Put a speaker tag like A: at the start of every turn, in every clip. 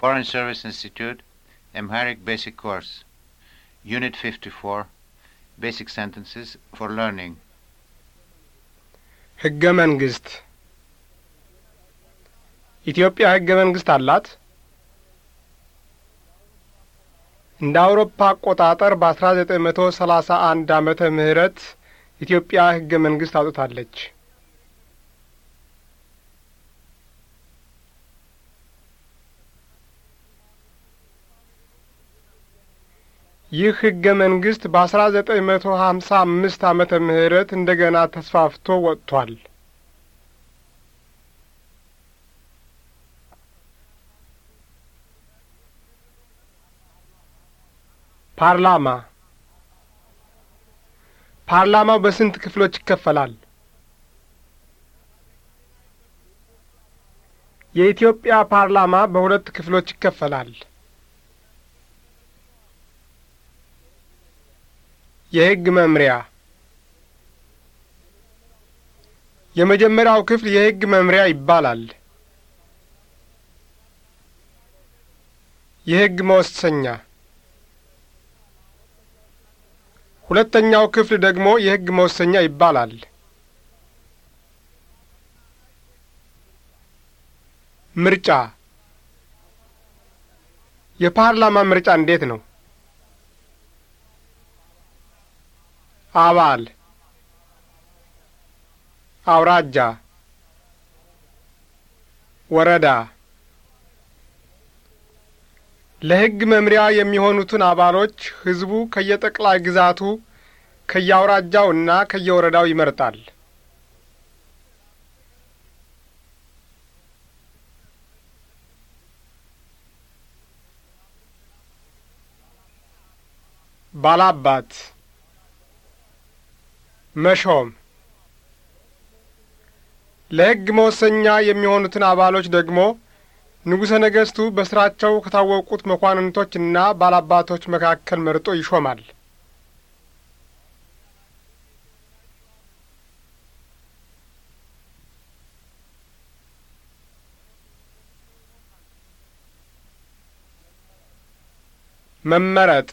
A: Foreign Service Institute Amharic Basic Course Unit 54 Basic Sentences for Learning ሕገ መንግስት ኢትዮጵያ ሕገ መንግስት አላት። እንደ አውሮፓ አቆጣጠር በ1931 ዓመተ ምህረት ኢትዮጵያ ሕገ መንግስት አውጥታለች። ይህ ህገ መንግስት በ1955 አመተ ምህረት እንደገና ተስፋፍቶ ወጥቷል። ፓርላማ ፓርላማው በስንት ክፍሎች ይከፈላል? የኢትዮጵያ ፓርላማ በሁለት ክፍሎች ይከፈላል። የሕግ መምሪያ የመጀመሪያው ክፍል የሕግ መምሪያ ይባላል። የሕግ መወሰኛ ሁለተኛው ክፍል ደግሞ የሕግ መወሰኛ ይባላል። ምርጫ የፓርላማ ምርጫ እንዴት ነው? አባል አውራጃ ወረዳ ለሕግ መምሪያ የሚሆኑትን አባሎች ሕዝቡ ከየጠቅላይ ግዛቱ ከየአውራጃው እና ከየወረዳው ይመርጣል። ባላባት መሾም ለሕግ መወሰኛ የሚሆኑትን አባሎች ደግሞ ንጉሠ ነገሥቱ በሥራቸው ከታወቁት መኳንንቶችና ባላባቶች መካከል መርጦ ይሾማል። መመረጥ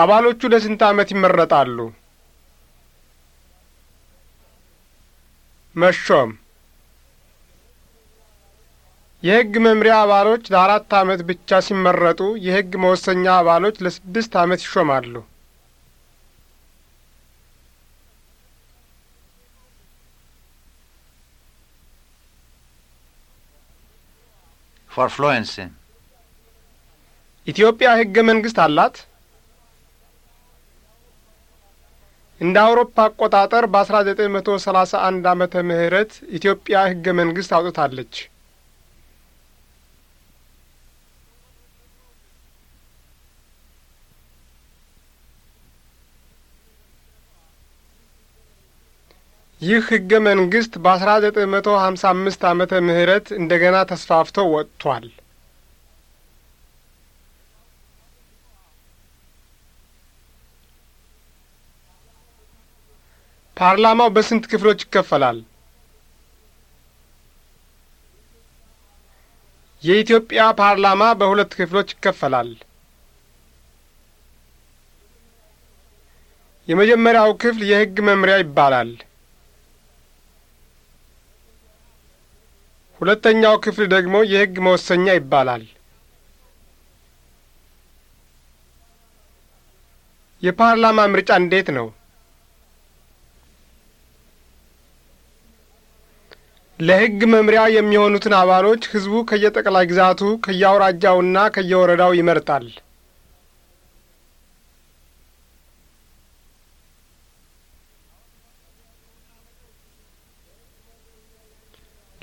A: አባሎቹ ለስንት ዓመት ይመረጣሉ? መሾም የሕግ መምሪያ አባሎች ለአራት ዓመት ብቻ ሲመረጡ የሕግ መወሰኛ አባሎች ለስድስት ዓመት ይሾማሉ። ኢትዮጵያ ሕገ መንግሥት አላት? እንደ አውሮፓ አቆጣጠር በ1931 ዓመተ ምህረት ኢትዮጵያ ህገ መንግሥት አውጥታለች። ይህ ህገ መንግሥት በ1955 ዓመተ ምህረት እንደገና ተስፋፍቶ ወጥቷል። ፓርላማው በስንት ክፍሎች ይከፈላል? የኢትዮጵያ ፓርላማ በሁለት ክፍሎች ይከፈላል። የመጀመሪያው ክፍል የሕግ መምሪያ ይባላል። ሁለተኛው ክፍል ደግሞ የሕግ መወሰኛ ይባላል። የፓርላማ ምርጫ እንዴት ነው? ለሕግ መምሪያ የሚሆኑትን አባሎች ሕዝቡ ከየጠቅላይ ግዛቱ ከየአውራጃውና ከየወረዳው ይመርጣል።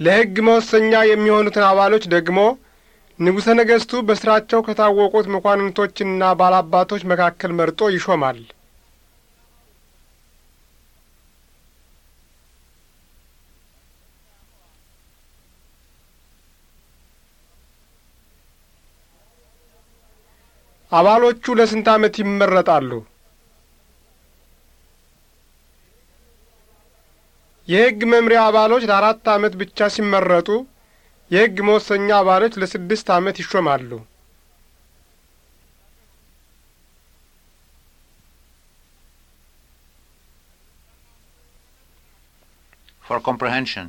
A: ለሕግ መወሰኛ የሚሆኑትን አባሎች ደግሞ ንጉሠ ነገሥቱ በሥራቸው ከታወቁት መኳንንቶችና ባላባቶች መካከል መርጦ ይሾማል። አባሎቹ ለስንት ዓመት ይመረጣሉ? የሕግ መምሪያ አባሎች ለአራት ዓመት ብቻ ሲመረጡ የሕግ መወሰኛ አባሎች ለስድስት ዓመት ይሾማሉ። for comprehension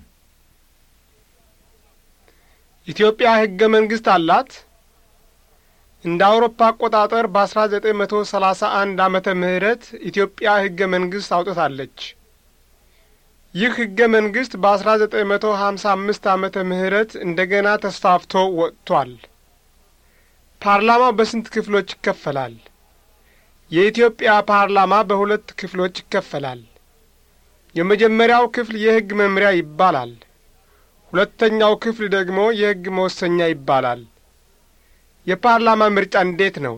A: ኢትዮጵያ ሕገ መንግሥት አላት? እንደ አውሮፓ አቆጣጠር በ1931 ዓመተ ምህረት ኢትዮጵያ ህገ መንግሥት አውጥታለች። ይህ ህገ መንግሥት በ1955 ዓመተ ምህረት እንደገና ተስፋፍቶ ወጥቷል። ፓርላማው በስንት ክፍሎች ይከፈላል? የኢትዮጵያ ፓርላማ በሁለት ክፍሎች ይከፈላል። የመጀመሪያው ክፍል የሕግ መምሪያ ይባላል። ሁለተኛው ክፍል ደግሞ የሕግ መወሰኛ ይባላል። የፓርላማ ምርጫ እንዴት ነው?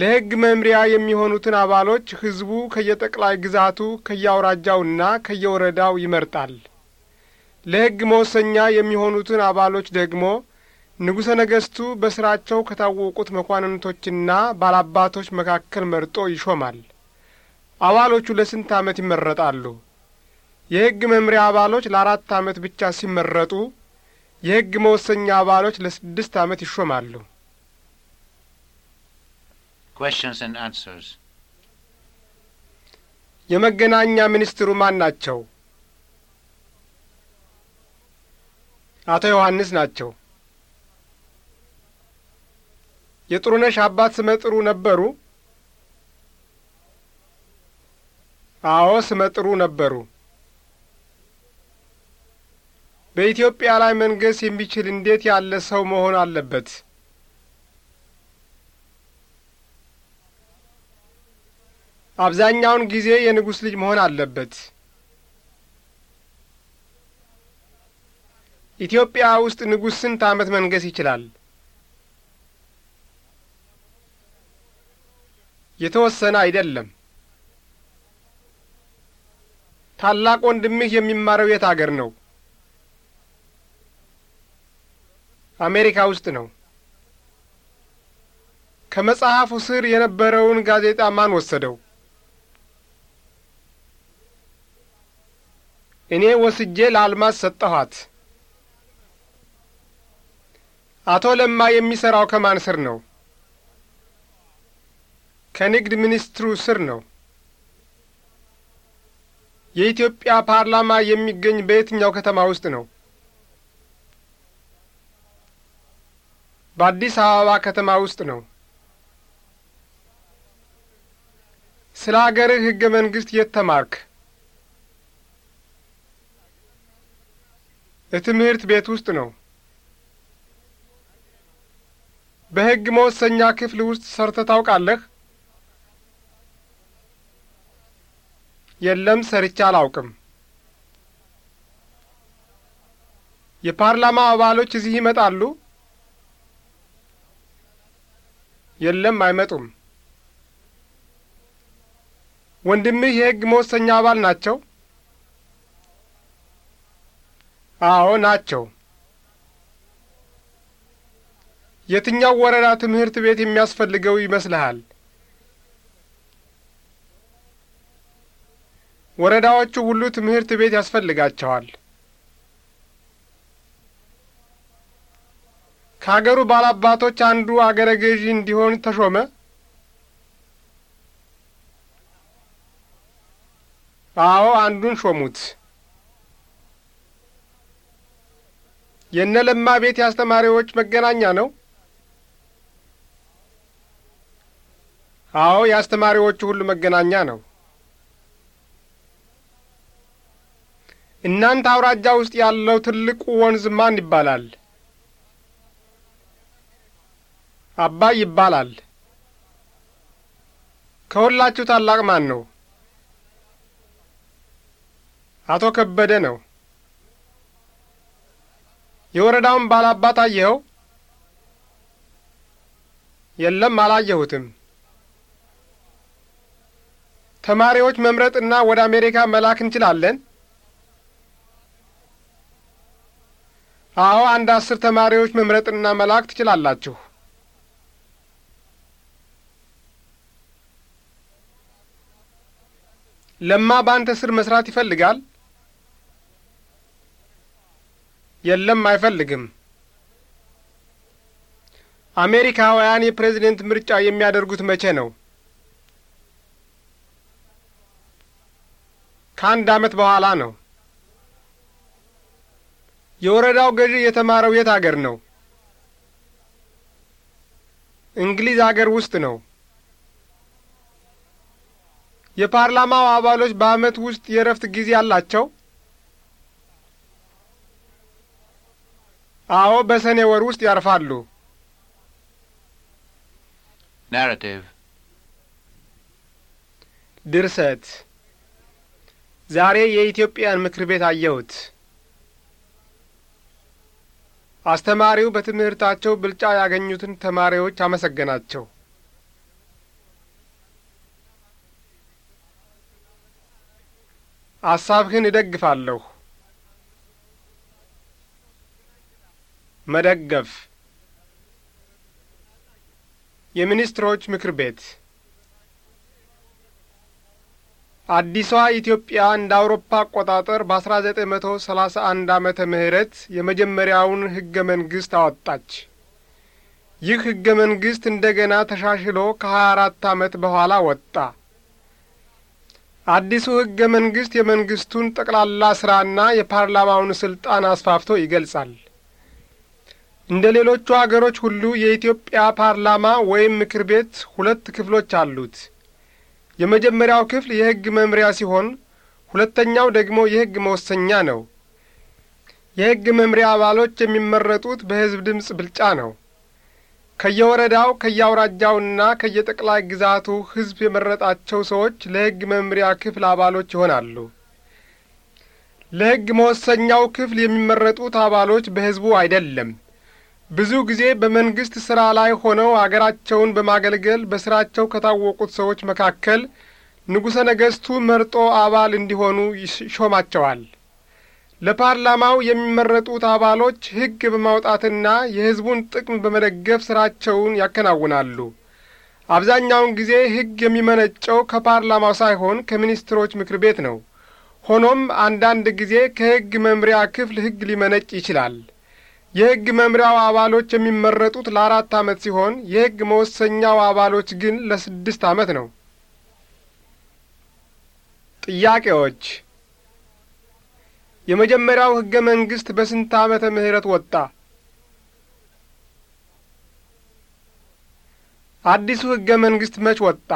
A: ለሕግ መምሪያ የሚሆኑትን አባሎች ሕዝቡ ከየጠቅላይ ግዛቱ ከየአውራጃውና ከየወረዳው ይመርጣል። ለሕግ መወሰኛ የሚሆኑትን አባሎች ደግሞ ንጉሠ ነገሥቱ በሥራቸው ከታወቁት መኳንንቶችና ባላባቶች መካከል መርጦ ይሾማል። አባሎቹ ለስንት ዓመት ይመረጣሉ? የሕግ መምሪያ አባሎች ለአራት ዓመት ብቻ ሲመረጡ የሕግ መወሰኛ አባሎች ለስድስት ዓመት ይሾማሉ። የመገናኛ ሚኒስትሩ ማን ናቸው? አቶ ዮሐንስ ናቸው። የጥሩነሽ አባት ስመጥሩ ነበሩ? አዎ ስመጥሩ ነበሩ። በኢትዮጵያ ላይ መንገስ የሚችል እንዴት ያለ ሰው መሆን አለበት? አብዛኛውን ጊዜ የንጉሥ ልጅ መሆን አለበት። ኢትዮጵያ ውስጥ ንጉሥ ስንት ዓመት መንገስ ይችላል? የተወሰነ አይደለም። ታላቅ ወንድምህ የሚማረው የት አገር ነው? አሜሪካ ውስጥ ነው። ከመጽሐፉ ስር የነበረውን ጋዜጣ ማን ወሰደው? እኔ ወስጄ ለአልማዝ ሰጠኋት። አቶ ለማ የሚሠራው ከማን ስር ነው? ከንግድ ሚኒስትሩ ስር ነው። የኢትዮጵያ ፓርላማ የሚገኝ በየትኛው ከተማ ውስጥ ነው? በአዲስ አበባ ከተማ ውስጥ ነው። ስለ አገርህ ህገ መንግሥት የት ተማርክ? የትምህርት ቤት ውስጥ ነው። በሕግ መወሰኛ ክፍል ውስጥ ሰርተህ ታውቃለህ? የለም፣ ሰርቼ አላውቅም። የፓርላማ አባሎች እዚህ ይመጣሉ? የለም አይመጡም። ወንድምህ የሕግ መወሰኛ አባል ናቸው? አዎ ናቸው። የትኛው ወረዳ ትምህርት ቤት የሚያስፈልገው ይመስልሃል? ወረዳዎቹ ሁሉ ትምህርት ቤት ያስፈልጋቸዋል። ከአገሩ ባላባቶች አንዱ አገረ ገዢ እንዲሆን ተሾመ። አዎ አንዱን ሾሙት። የነ ለማ ቤት የአስተማሪዎች መገናኛ ነው። አዎ የአስተማሪዎቹ ሁሉ መገናኛ ነው። እናንተ አውራጃ ውስጥ ያለው ትልቁ ወንዝ ማን ይባላል? አባይ ይባላል። ከሁላችሁ ታላቅ ማን ነው? አቶ ከበደ ነው። የወረዳውን ባላባት አየኸው? የለም፣ አላየሁትም። ተማሪዎች መምረጥና ወደ አሜሪካ መላክ እንችላለን? አዎ፣ አንድ አስር ተማሪዎች መምረጥና መላክ ትችላላችሁ። ለማ በአንተ ስር መስራት ይፈልጋል? የለም፣ አይፈልግም። አሜሪካውያን የፕሬዝደንት ምርጫ የሚያደርጉት መቼ ነው? ከአንድ ዓመት በኋላ ነው። የወረዳው ገዢ የተማረው የት አገር ነው? እንግሊዝ አገር ውስጥ ነው። የፓርላማው አባሎች በአመት ውስጥ የእረፍት ጊዜ አላቸው? አዎ፣ በሰኔ ወር ውስጥ ያርፋሉ። ናራቲቭ ድርሰት ዛሬ የኢትዮጵያን ምክር ቤት አየሁት። አስተማሪው በትምህርታቸው ብልጫ ያገኙትን ተማሪዎች አመሰገናቸው። አሳብህን እደግፋለሁ። መደገፍ የሚኒስትሮች ምክር ቤት አዲሷ ኢትዮጵያ እንደ አውሮፓ አቆጣጠር በ1931 ዓመተ ምህረት የመጀመሪያውን ሕገ መንግሥት አወጣች። ይህ ሕገ መንግሥት እንደገና ተሻሽሎ ከ24 ዓመት በኋላ ወጣ። አዲሱ ሕገ መንግስት የመንግስቱን ጠቅላላ ሥራና የፓርላማውን ስልጣን አስፋፍቶ ይገልጻል። እንደ ሌሎቹ አገሮች ሁሉ የኢትዮጵያ ፓርላማ ወይም ምክር ቤት ሁለት ክፍሎች አሉት። የመጀመሪያው ክፍል የሕግ መምሪያ ሲሆን፣ ሁለተኛው ደግሞ የሕግ መወሰኛ ነው። የህግ መምሪያ አባሎች የሚመረጡት በሕዝብ ድምፅ ብልጫ ነው። ከየወረዳው ከየአውራጃውና ከየጠቅላይ ግዛቱ ሕዝብ የመረጣቸው ሰዎች ለሕግ መምሪያ ክፍል አባሎች ይሆናሉ። ለሕግ መወሰኛው ክፍል የሚመረጡት አባሎች በሕዝቡ አይደለም። ብዙ ጊዜ በመንግሥት ሥራ ላይ ሆነው አገራቸውን በማገልገል በሥራቸው ከታወቁት ሰዎች መካከል ንጉሠ ነገሥቱ መርጦ አባል እንዲሆኑ ይሾማቸዋል። ለፓርላማው የሚመረጡት አባሎች ሕግ በማውጣትና የሕዝቡን ጥቅም በመደገፍ ሥራቸውን ያከናውናሉ። አብዛኛውን ጊዜ ሕግ የሚመነጨው ከፓርላማው ሳይሆን ከሚኒስትሮች ምክር ቤት ነው። ሆኖም አንዳንድ ጊዜ ከሕግ መምሪያ ክፍል ሕግ ሊመነጭ ይችላል። የሕግ መምሪያው አባሎች የሚመረጡት ለአራት ዓመት ሲሆን የሕግ መወሰኛው አባሎች ግን ለስድስት ዓመት ነው። ጥያቄዎች የመጀመሪያው ህገ መንግስት በስንት ዓመተ ምህረት ወጣ? አዲሱ ህገ መንግስት መች ወጣ?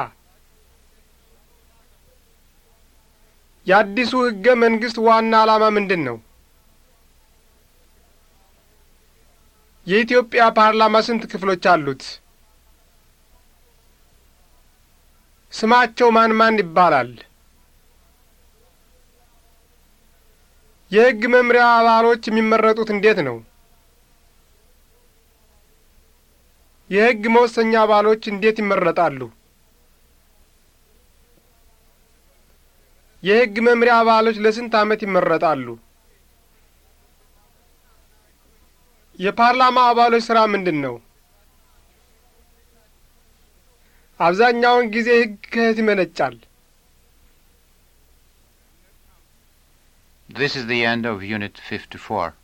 A: የአዲሱ ህገ መንግስት ዋና ዓላማ ምንድን ነው? የኢትዮጵያ ፓርላማ ስንት ክፍሎች አሉት? ስማቸው ማን ማን ይባላል? የሕግ መምሪያ አባሎች የሚመረጡት እንዴት ነው? የሕግ መወሰኛ አባሎች እንዴት ይመረጣሉ? የሕግ መምሪያ አባሎች ለስንት ዓመት ይመረጣሉ? የፓርላማ አባሎች ሥራ ምንድን ነው? አብዛኛውን ጊዜ ሕግ ከየት ይመነጫል? This is the end of Unit 54.